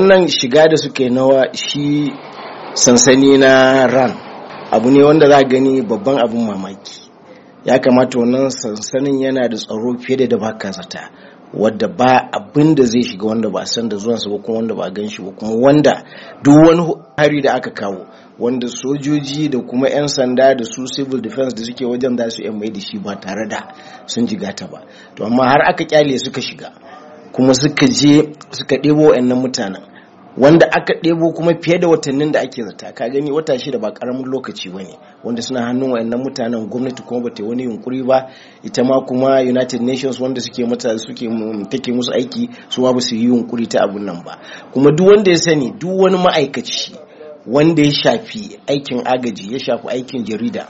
wannan shiga da suke nawa shi sansani na ran abu ne wanda za gani babban abin mamaki ya kamata wannan sansanin yana da tsaro fiye da da baka zata wadda ba abin da zai shiga wanda ba san da zuwansa ba kuma wanda ba gan shi ba kuma wanda duk wani hari da aka kawo wanda sojoji da kuma 'yan sanda da su civil defense da suke wajen za su mai da shi ba tare da sun jigata ba to amma har aka kyale suka shiga kuma suka je suka ɗebo 'yan mutanen wanda aka ɗebo kuma fiye da watannin da ake zata ka gani wata shida ba karamin lokaci ba ne wanda suna hannun wayannan mutanen gwamnati kuma bata wani yunkuri ba ita ma kuma united nations wanda suke mata suke take musu aiki su ba su yi yunkuri ta abun nan ba kuma duk wanda ya sani duk wani ma'aikaci wanda ya shafi aikin agaji ya shafi aikin jarida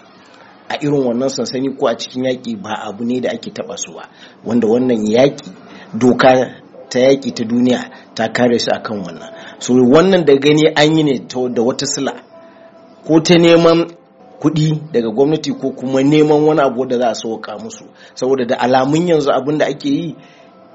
a irin wannan sansani ko a cikin yaƙi ba abu ne da ake taɓa su ba wanda wannan yaƙi doka ta yaƙi ta duniya ta kare su akan wannan so wannan da gani an yi ne da wata sila ko ta neman kuɗi daga gwamnati ko kuma neman wani abu da za a sauka musu saboda da alamun yanzu abin da ake yi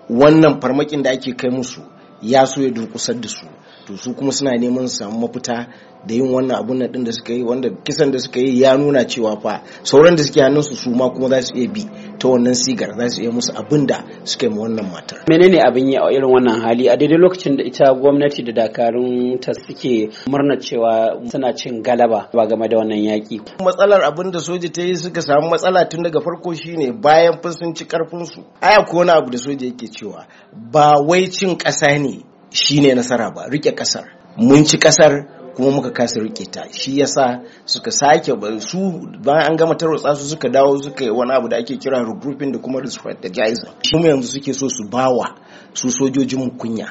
wannan farmakin da ake kai musu ya so ya durkusar da su to su kuma suna neman su samu mafita da yin wannan abun nan din da suka yi wanda kisan da suka yi ya nuna cewa fa sauran da suke hannunsu su ma kuma za su iya bi ta wannan sigar za su iya musu abin da suka yi ma wannan matar. Menene abin yi a irin wannan hali a daidai lokacin da ita gwamnati da dakarun ta suke murna cewa suna cin galaba ba game da wannan yaki. Matsalar abin da soja ta yi suka samu matsala tun daga farko shine bayan sun ci karfin su. Aya ko wani abu da soja yake cewa ba wai cin ƙasa ne shine nasara ba rike ƙasar. Mun ci ƙasar kuma muka kasa rike ta shi yasa suka sake su bayan an gama tarwatsa su suka dawo suka yi wani abu da ake kira regrouping da kuma restrategizing kuma yanzu suke so su bawa su sojojin mu kunya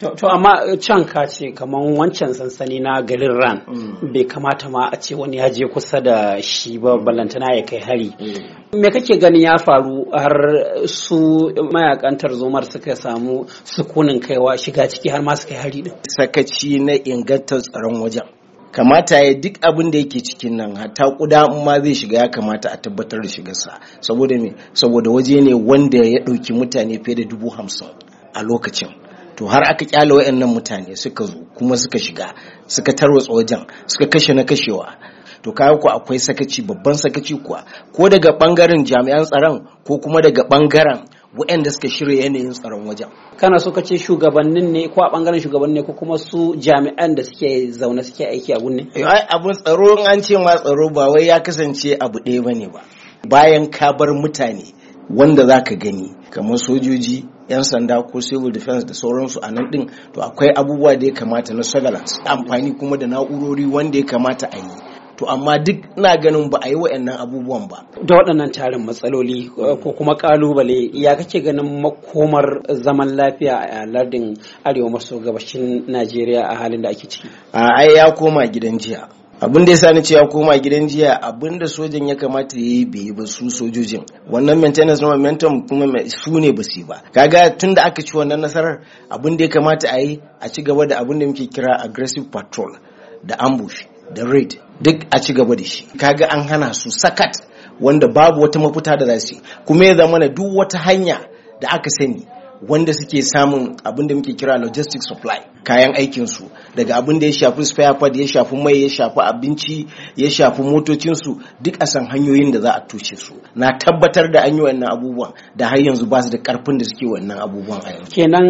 To amma can ka ce kamar wancan sansani na garin Ran mm. bai kamata ma a ce wani ya je kusa da shi ba mm. balantana ya kai hari. Eh. Me kake ganin ya faru har su mayakan tarzomar suka samu sukunin kaiwa shiga ciki har ma kai hari din? Sakaci na ingantar tsaron wajen. kamata ya duk abin da yake cikin nan hatta kuda in ma zai shiga ya kamata a tabbatar da shigarsa saboda me saboda waje ne wanda ya ɗauki mutane fiye da dubu hamsin a lokacin to har aka kyale wayannan mutane suka zo kuma suka shiga suka tarwatsa wajen suka kashe na kashewa to kai ku akwai sakaci babban sakaci kuwa ko daga bangaren jami'an tsaron ko kuma daga bangaren wayanda suka shirya yanayin tsaron wajen. kana so ka ce shugabannin ne ko a bangaren shugabannin ne ko kuma su jami'an da suke zaune suke aiki a gunne eh, ai abun tsaro an ce ma tsaro ba wai ya kasance abu ɗaya bane ba bayan ka bar mutane wanda za ka gani kamar sojoji 'yan sanda ko civil defense da sauransu a nan din to akwai abubuwa da ya kamata na surveillance amfani kuma da na'urori wanda ya kamata a yi to amma duk na ganin ba a yi waɗannan abubuwan ba da waɗannan tarin matsaloli ko kuma kalubale ya kake ganin makomar zaman lafiya a lardin arewa maso gabashin najeriya a halin da ake ciki a ya koma gidan jiya abin da ya sani cewa koma gidan jiya abin da sojan ya kamata ya yi bai ba su sojojin wannan maintenance na momentum kuma su ne ba su ba kaga tun da aka ci wannan nasarar abin da ya kamata a yi a ci gaba da abin da muke kira aggressive patrol da ambush da raid duk a ci gaba da shi kaga an hana su sakat wanda babu wata mafuta da za su kuma ya zama na duk wata hanya da aka sani wanda suke samun abin da muke kira logistic supply kayan aikinsu daga abin da ya shafi spare part ya shafi mai ya shafi abinci ya shafi motocinsu duk a san hanyoyin da za a tushe su na tabbatar da an yi wannan abubuwan da har yanzu ba su da karfin da suke wannan abubuwan a yanzu kenan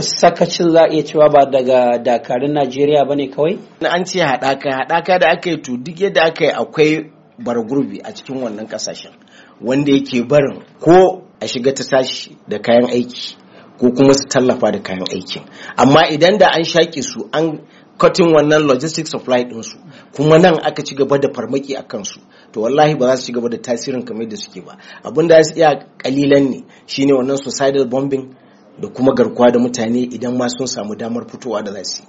sakacin za a iya cewa ba daga dakarun najeriya ba ne kawai an ce haɗaka haɗaka da aka yi to duk yadda aka yi akwai bargurbi a cikin wannan kasashen wanda yake barin ko a shiga ta tashi da kayan aiki ko kuma su tallafa da kayan aikin amma idan da an shaƙe su an kotun wannan logistic supply ɗinsu kuma nan aka ci gaba da farmaki a kansu to wallahi ba za su ci gaba da tasirin kamar da suke ba abin da su iya kalilan ne shine wannan suicidal bombing da kuma garkuwa da mutane idan ma sun samu damar fitowa da za su yi